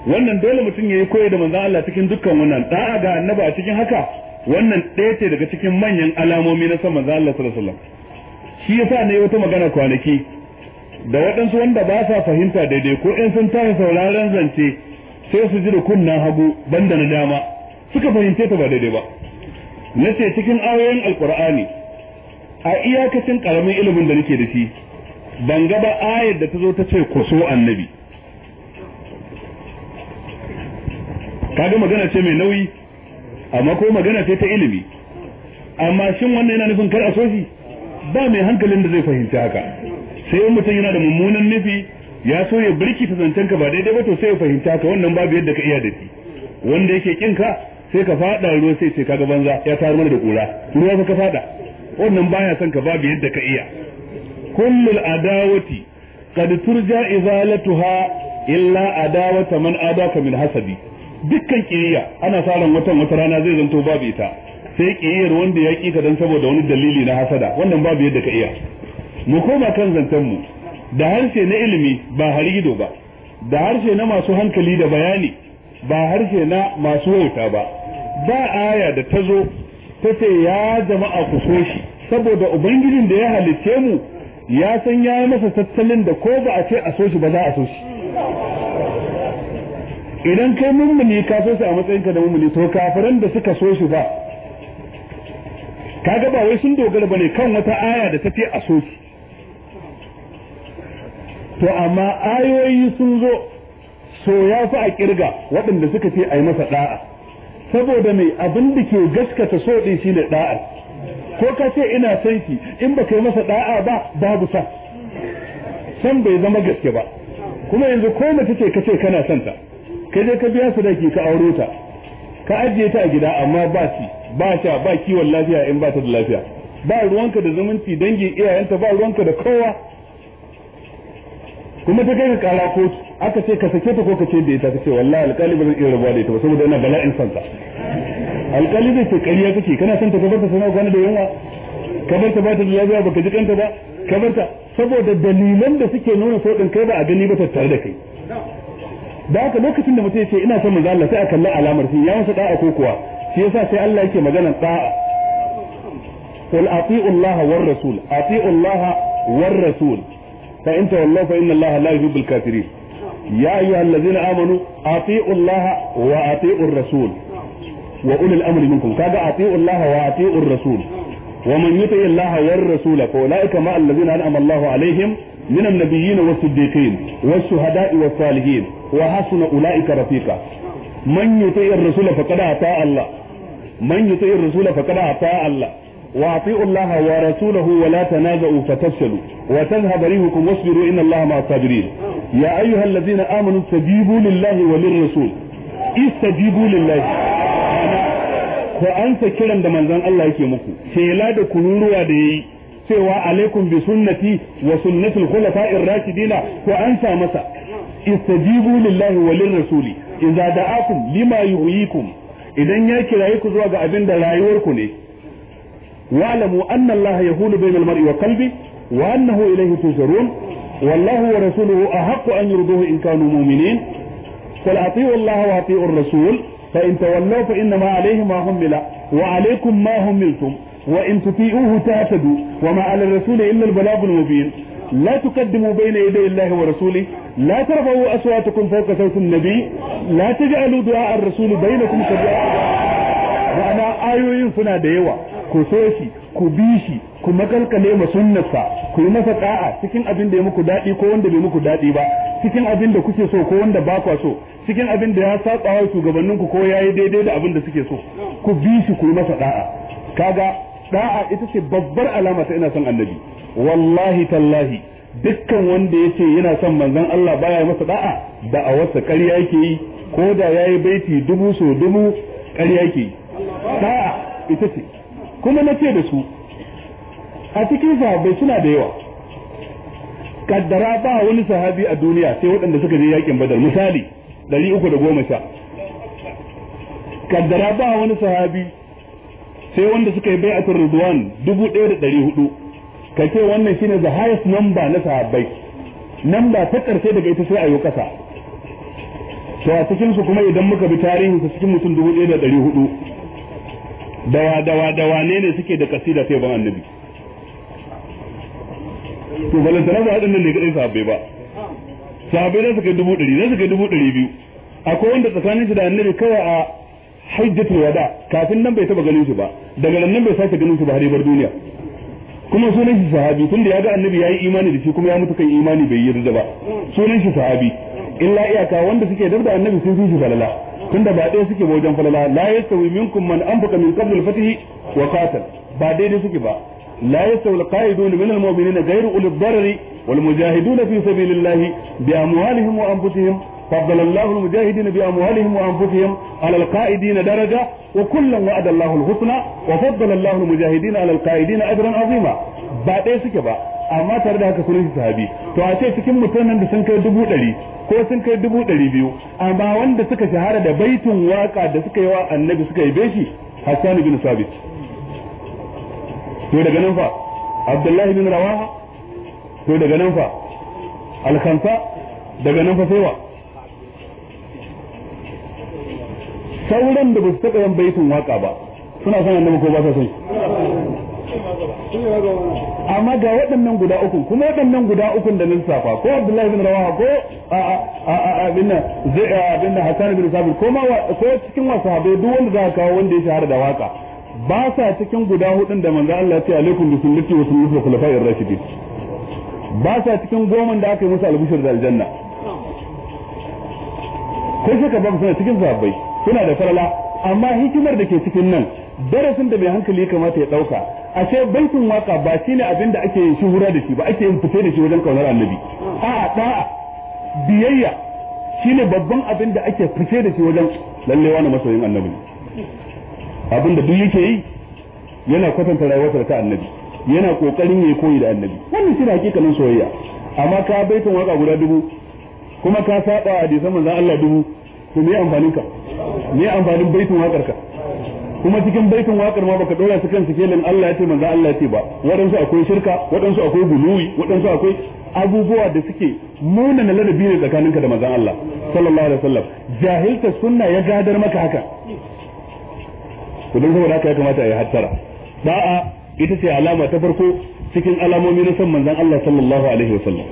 Speaker 1: wannan dole mutum ya yi koyi da manzan Allah cikin dukkan wannan da'a ga annaba a cikin haka wannan ɗaya ce daga cikin manyan alamomi na san manzan Allah sallallahu alaihi wasallam shi yasa ne wata magana kwanaki da waɗansu wanda ba sa fahimta daidai ko in sun tashi sauraren zance sai su ji da kunnan hagu banda na dama suka fahimce ta ba daidai ba Na ce cikin ayoyin alkur'ani a iyakacin karamin ilimin da nake da shi ban ga ba ayar da ta zo ta ce ku so annabi kaga magana ce mai nauyi amma ko magana ce ta ilimi amma shin wannan yana nufin kar a so ba mai hankalin da zai fahimta haka sai in mutum yana da mummunan nufi ya so ya birki ta zancen ka ba daidai ba to sai ya fahimta haka wannan babu yadda ka iya da wanda yake kinka sai ka fada ruwa sai ce kaga banza ya taru mana da kura ruwa ka fada wannan baya son ka babu yadda ka iya kullul adawati qad turja izalatuha illa adawata man adaka min hasabi dukkan kiyayya ana sa ran watan wata rana zai zanto babu ita sai kiyayyar wanda ya ki ka dan saboda wani dalili na hasada wannan babu yadda ka iya mu koma kan zantan mu da harshe na ilimi ba harido ba da harshe na masu hankali da bayani ba harshe na masu wauta ba ba aya da ta zo tace ya jama'a ku so shi saboda ubangijin da ya halicce mu ya san ya yi masa tattalin da ko ba a ce a so shi ba za a so shi idan kai mummuni ka so shi a matsayinka da mummuni to kafiran da suka so shi ba kaga ba wai sun dogara bane kan wata aya da tafi a so shi to amma ayoyi sun zo so ya fi a kirga waɗanda suka ce a yi masa da'a saboda mai abin da ke gaskata so din shine da'a ko ka ce ina son ki in ba yi masa da'a ba babu sa san bai zama gaske ba kuma yanzu ko mace ce kace kana son ta kai je ka biya su da ki ka aure ta ka ajiye ta a gida amma ba ci ba sha ba kiwon lafiya in ba ta da lafiya ba ruwanka da zumunci dangin iyayenta ba ruwanka da kowa kuma ta kai ka kara ko aka ce ka sake ta ko ka ce da ita ka ce wallahi alƙali ba zan iya rabuwa da ita ba saboda ina bala'in santa alkali zai ce ƙarya kake kana son ta ka barta sana kwana da yunwa ka barta ba ta da lafiya baka ji kanta ba ka barta saboda dalilan da suke nuna so kai ba a gani ba tattare da kai da haka lokacin da mutum ya ce ina son manzo Allah sai a kalli alamar shi ya masa da'a ko kuwa shi yasa sai Allah yake magana da'a قل أطيعوا الله والرسول أطيعوا الله والرسول فإن تولوا فإن الله لا يحب الكافرين يا أيها الذين آمنوا أطيعوا الله وأطيعوا الرسول واولي الامر منكم كاد اطيعوا الله واطيعوا الرسول ومن يطع الله والرسول فاولئك yuti الذين انعم الله عليهم من النبيين والصديقين والشهداء والصالحين وحسن أولئك رفيقا من يطع الرسول فقد أطاع الله من يطع الرسول فقد أطاع الله وأطيعوا الله ورسوله ولا تنازعوا فتفشلوا وتذهب ريحكم واصبروا إن الله مع الصابرين يا أيها الذين آمنوا استجيبوا لله وللرسول استجيبوا لله ku ansa kiran da manzon Allah yake muku shela da kururuwa da yayi cewa alaikum bi sunnati wa sunnati al-khulafa'i ar-rashidina ku ansa masa istajibu lillahi wa rasuli idza da'akum lima yuhyikum idan ya kiraye ku zuwa ga abin da rayuwarku ne wa'lamu anna Allah yahulu bainal mar'i wa qalbi wa annahu ilayhi tusharun والله ورسوله أحق أن يرضوه إن كانوا مؤمنين قل أطيعوا الله وأطيعوا الرسول فإن تولوا فإنما عليه ما حمل وعليكم ما حملتم وإن تطيعوه تهتدوا وما على الرسول إلا البلاغ المبين لا تقدموا بين يدي الله ورسوله لا ترفعوا أصواتكم فوق صوت النبي لا تجعلوا دعاء الرسول بينكم كدعاء وأنا آيوين سنة ديوة كسوشي كبيشي ku makalkale ma sunnarsa ku yi masa ka'a cikin abin da ya muku daɗi ko wanda bai muku daɗi ba cikin abin da kuke so ko wanda ba kwa so cikin abin da ya saɓa wa ku ko ya yi daidai da abin da suke so ku bi shi ku yi masa da'a kaga da'a ita ce babbar alama ta ina son annabi wallahi tallahi dukkan wanda ya ce yana son manzon Allah baya yi masa da'a da'awarsa ƙarya yake yi ko da ya yi baiti dubu so dubu ƙarya yake yi da'a ita ce kuma na ce da su a cikin sahabbai suna da yawa kaddara ba wani sahabi a duniya sai waɗanda suka je yakin badar misali ɗari uku da goma sha kaddara ba wani sahabi sai wanda suka yi bai'atul ridwan dubu ɗaya da ɗari hudu ka ce wannan shine the highest number na sahabbai namba ta ƙarshe daga ita sai a yi ƙasa to a cikin su kuma idan muka bi tarihin su cikin mutum dubu ɗaya da ɗari hudu dawa dawa dawa ne ne suke da kasida sai ban annabi to balantana ba waɗannan ne kaɗai sahabbai ba sahabbai za suka dubu ɗari za suka dubu ɗari biyu akwai wanda tsakanin shi da annabi kawai a hajjatu wada kafin nan bai taba ganin shi ba daga nan bai sake ganin shi ba har bar duniya kuma sunan shi sahabi tunda ya ga annabi ya yi imani da shi kuma ya mutu kan imani bai yi da ba sunan shi sahabi illa iyaka wanda suke dar da annabi sun fi shi falala tunda ba ɗaya suke wajen falala la yasawi minkum man anfaqa min qabl al-fath wa qatal ba daidai suke ba لا يستوي القائدون من المؤمنين غير أولي الضرر والمجاهدون في سبيل الله بأموالهم وأنفسهم فضل الله المجاهدين بأموالهم وأنفسهم على القائدين درجة وكلا وعد الله الحسنى وفضل الله المجاهدين على القائدين أجرا عظيما بعد سكبا amma tare da haka sunan sahabi to a ce cikin mutanen da sun kai dubu ɗari ko sun kai dubu ɗari biyu amma wanda suka shahara da baitun waka da suka yi wa annabi suka yi beshi Hassan bin Sabit to daga nan fa abdullahi bin rawaha to daga nan fa Alkhansa, daga nan fa sai wa sauran da ba su taɓa yan baitin waka ba suna son annabi ko ba sa son amma ga waɗannan guda uku kuma waɗannan guda ukun da lissafa ko Abdullahi bin Rawaha ko a a a bin zai bin Hasan bin sabir ko ma ko cikin wasu sahabbai duk wanda za ka kawo wanda ya shahara da waka ba sa cikin guda hudun da manzo Allah ya ce alaikum bi sunnati wa sunnati ar rashidin ba sa cikin goma da aka yi musu albishir da aljanna kai ka ba suna cikin zabbai suna da farala amma hikimar da ke cikin nan darasin da mai hankali kamata ya dauka ce baitin waka ba shine abin da ake yin shuhura da shi ba ake yin fice da shi wajen kaunar annabi a'a da'a biyayya shine babban abin da ake fice da shi wajen lallewa na masoyin annabi abin da duk yake yi yana kwatanta rayuwarsa ta annabi yana kokarin yayi koyi da annabi wannan shi ne hakikanin soyayya amma ka baitin waka guda dubu kuma ka saba hadisan manzon Allah dubu to me amfanin ka me amfanin baitin wakar ka kuma cikin baitin wakar ma baka dora su kan kelin Allah ya ce manzon Allah ya ce ba waɗansu akwai shirka waɗansu akwai buluwi, waɗansu akwai abubuwa da suke nuna na ladabi ne tsakaninka da manzon Allah sallallahu alaihi wasallam jahilta sunna ya gadar maka haka to saboda haka ya kamata ya hattara da'a ita ce alama ta farko cikin alamomi na san manzan Allah sallallahu alaihi wasallam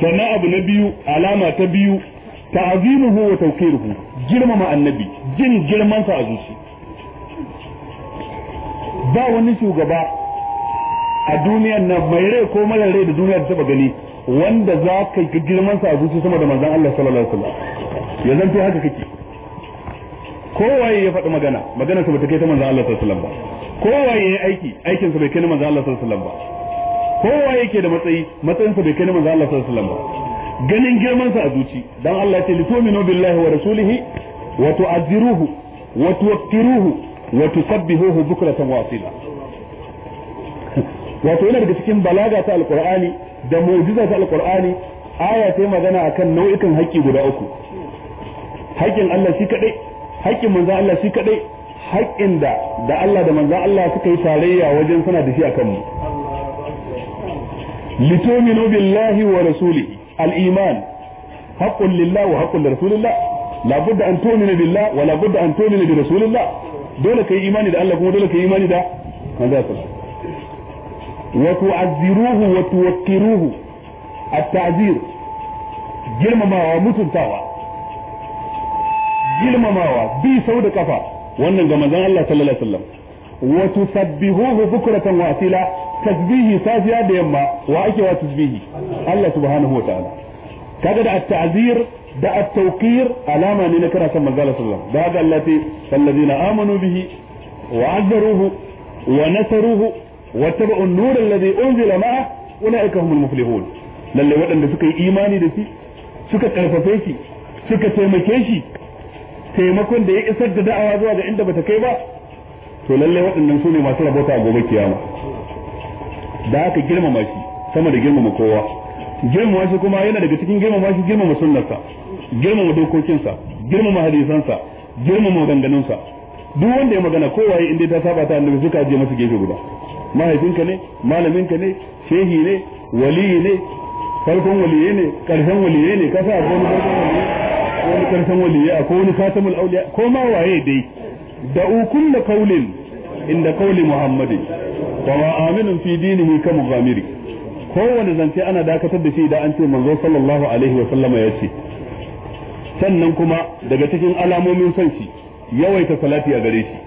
Speaker 1: sannan abu na biyu alama ta biyu ta'zimuhu wa tawqiruhu girmama annabi jin girman sa a zuci ba wani shugaba a duniyar nan mai rai ko mara rai da duniya ta taba gani wanda za ka girman sa a zuci sama da manzan Allah sallallahu alaihi wasallam yanzu zanto haka kake kowaye ya faɗi magana magana sa bata kai ta manzon Allah sallallahu alaihi wasallam ba kowaye ya aiki aikin sa bai kai na manzon Allah sallallahu alaihi wasallam ba kowaye yake da matsayi matsayin sa bai kai na manzon Allah sallallahu alaihi wasallam ba ganin girman sa a zuci dan Allah ya ce tu'minu billahi wa rasulihi wa tu'azziruhu wa tuwaqqiruhu wa tusabbihuhu bukratan wa asila wato yana daga cikin balaga ta alqur'ani da mu'jiza ta alqur'ani aya ta magana akan nau'ikan haƙƙi guda uku haƙƙin Allah shi kadai haƙƙin manzon Allah shi kadai haƙƙin da da Allah da manzon Allah suka yi tarayya wajen suna da shi a kanmu. Litominu billahi wa rasulihi al-iman haqqun lillah wa haqqun lirasulillah la budda an tu'minu billah wa la budda an tu'minu bi rasulillah dole kai imani da Allah kuma dole kai imani da manzon Allah wa tu'azziruhu wa tuwaqqiruhu at-ta'zir girmamawa mutuntawa girmamawa bi sau da kafa wannan ga manzon Allah sallallahu alaihi wasallam wa tusabbihuhu bukratan wa asila tasbihi safiya da yamma wa ake wa tasbihi Allah subhanahu wa ta'ala kaga da at-ta'zir da at-tawqir alama ne na kana san manzon Allah sallallahu alaihi wasallam da ga allati alladhina amanu bihi wa azzaruhu wa nasaruhu wa tabu'u an-nur alladhi unzila ma'a ulaika humul muflihun lalle waɗanda suka yi imani da shi suka karfafe shi suka taimake shi taimakon da ya isar da da'awa zuwa ga inda bata kai ba to lalle waɗannan su ne masu rabota a gobe kiyama da haka girmama shi sama da girmama kowa girmama shi kuma yana daga cikin girmama shi girmama sunnarsa girmama dokokinsa girmama hadisansa girmama maganganunsa duk wanda ya magana kowaye inda ta saba ta annabi suka je masa gefe guda mahaifinka ne malaminka ne shehi ne waliyi ne farkon waliye ne karshen waliyi ne kasa akwai farkon wani karshen waliya ko wani khatamul auliya ko ma waye dai da ukun da kaulin inda kauli muhammadin wa ma aminun fi dinihi ka mughamiri kowane zance ana dakatar da shi da an ce manzo sallallahu alaihi wa sallama ya ce sannan kuma daga cikin alamomin son shi yawaita salati a gare shi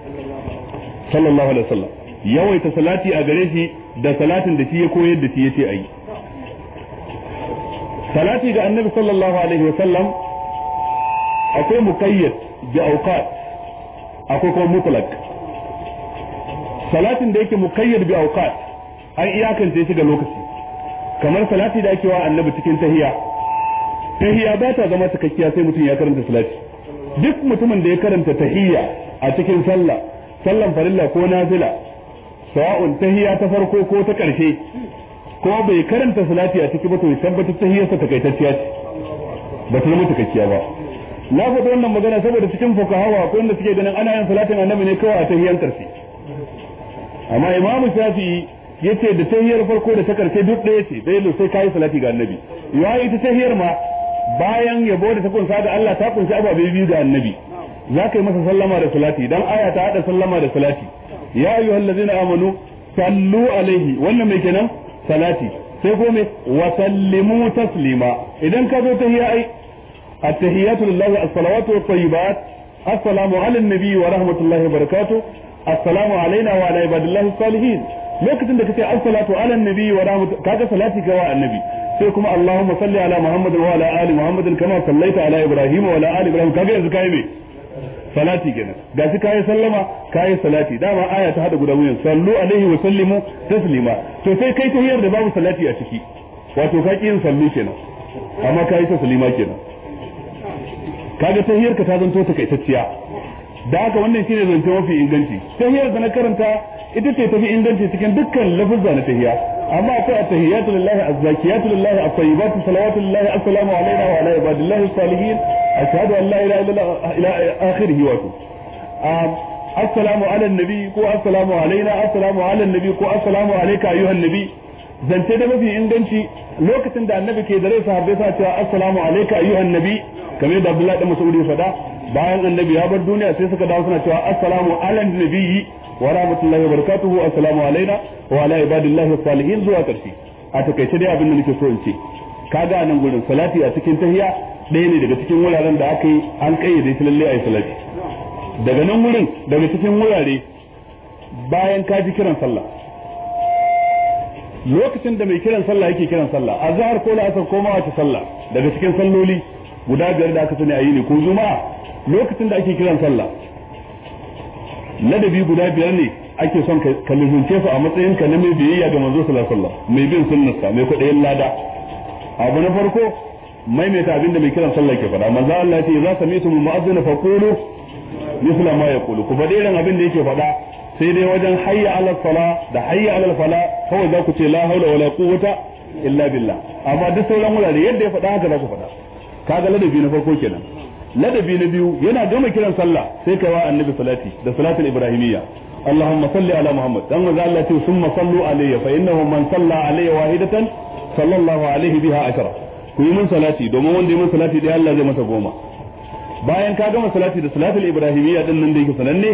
Speaker 1: sallallahu alaihi wa sallam yawaita salati a gare shi da salatin da shi ya koyar da shi yace ayi salati ga annabi sallallahu alaihi wa sallam akwai muqayyad bi awqat akwai kuma mutlaq salatin da yake muqayyad bi awqat an iyakance shi ga lokaci kamar salati da ake wa annabi cikin tahiya Tahiya ba ta zama cikakkiya sai mutum ya karanta salati duk mutumin da ya karanta tahiya a cikin sallah sallan farilla ko nafila sawa'un tahiya ta farko ko ta karshe ko bai karanta salati a ciki ba to ya tabbata tahiyyarsa takaitacciya ce ba ta zama cikakkiya ba na faɗi wannan magana saboda cikin fukahawa akwai wanda suke ganin ana yin salatin annabi ne kawai a tahiyyar karshe amma imam shafi'i yace da tahiyyar farko da ta karshe duk ɗaya ce dai sai kai salati ga annabi ya ta tahiyyar ma bayan yabo da ta kunsa da Allah ta kunshi ababe biyu ga annabi za ka yi masa sallama da salati dan aya ta hada sallama da salati ya ayyuhal ladzina amanu sallu alaihi wannan mai kenan salati sai ko me wa taslima idan ka zo tahiyya ai التحيات لله الصلوات والطيبات السلام على النبي ورحمة الله وبركاته السلام علينا وعلى عباد الله الصالحين lokacin da kace as-salatu ala annabi wa rahmatu kaga salati ga wa annabi sai kuma Allahumma salli ala Muhammad wa ala ali Muhammad kama sallaita ala Ibrahim wa ala ali Ibrahim kaga yanzu kai me salati kenan gashi kai sallama kai salati dama aya ta hada guda wuyan sallu alaihi wa sallimu taslima to sai kai ta da babu salati a ciki wato ka yin sallu kenan amma ta salima kenan kaga tahiyar ka ta zanto takaitacciya da haka wannan shine zance mafi inganci tahiyar da na karanta ita ce tafi inganci cikin dukkan lafuzza na tahiya amma akwai a tahiyatu lillahi azzakiyatu lillahi at-tayyibatu salawatu lillahi assalamu alayna wa ala ibadillahi as-salihin ashhadu an la ilaha allah ila akhirih wa assalamu ala nabi ko assalamu alaina assalamu ala nabi ko assalamu alayka ayyuhan nabi zance da mafi inganci lokacin da annabi ke da rai sahabbai sa cewa assalamu alayka ayyuhan nabi kamar da Abdullahi dan Mas'ud ya faɗa bayan annabi ya bar duniya sai suka dawo suna cewa assalamu ala nabiyyi wa rahmatullahi wa barakatuhu assalamu alaina wa ala ibadillahi salihin zuwa karshe a takaice dai abin da nake so in ce kaga nan gurin salati a cikin tahiya ɗaya ne daga cikin wuraren da aka yi an kayyade shi lalle ayi salati daga nan gurin daga cikin wurare bayan ka ji kiran sallah lokacin da mai kiran sallah yake kiran sallah azhar ko la'asar ko ma sallah daga cikin salloli guda biyar da aka sani a yi ne ko juma'a lokacin da ake kiran sallah ladabi guda biyar ne ake son ka lizince su a matsayin ka na mai biyayya ga manzo sallallahu alaihi wasallam mai bin sunnarsa mai kudayen lada abu na farko maimaita abin da mai kiran sallah ke faɗa manzo Allah ce za mu mu'adhdhin fa qulu misla ma yaqulu ku faɗi irin abin da yake faɗa sai dai wajen hayya ala sala da hayya ala fala kawai za ku ce la haula wala quwwata illa billah amma duk sauran wurare yadda ya faɗa haka za ku faɗa kaga ladabi na farko kenan ladabi na biyu yana gama kiran sallah sai kai annabi salati da salatul ibrahimiyya salli ala muhammad محمد دان وذا الله تي ثم صلوا علي فانه من صلى علي واحده صلى الله عليه بها عشره ku yi mun salati domin wanda yi mun salati dai Allah zai masa goma bayan ka gama salati da salatul ibrahimiyya din nan da yake sananne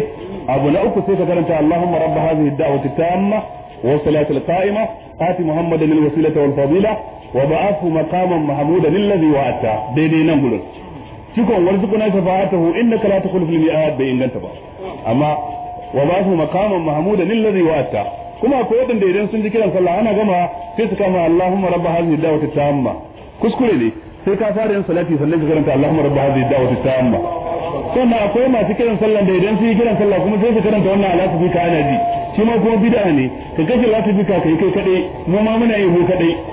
Speaker 1: abu na uku sai ka karanta Allahumma rabb hadhihi ad-da'wati tamma wa salatul qa'ima ati muhammadan al-wasilata wal fadila wa ba'athu maqaman mahmudan alladhi wa'ata daidai nan gurin cikon warzuquna shafa'atahu innaka la tukhlifu al-mi'ad bai inganta ba amma wa ba'athu maqaman mahmudan alladhi wa'ata kuma akwai wadanda idan sun ji kiran sallah ana gama sai su kama Allahumma rabb hadhihi da'wati tamma kuskure ne sai ka fara yin salati sannan ka karanta Allahumma rabb hadhihi da'wati tamma sannan akwai masu kiran sallah da idan sun yi kiran sallah kuma sai su karanta wannan alatu bi ka ana bi shi ma kuma bid'a ne ka kashe lati bi ka kai kai kadai mu ma muna yi mu kadai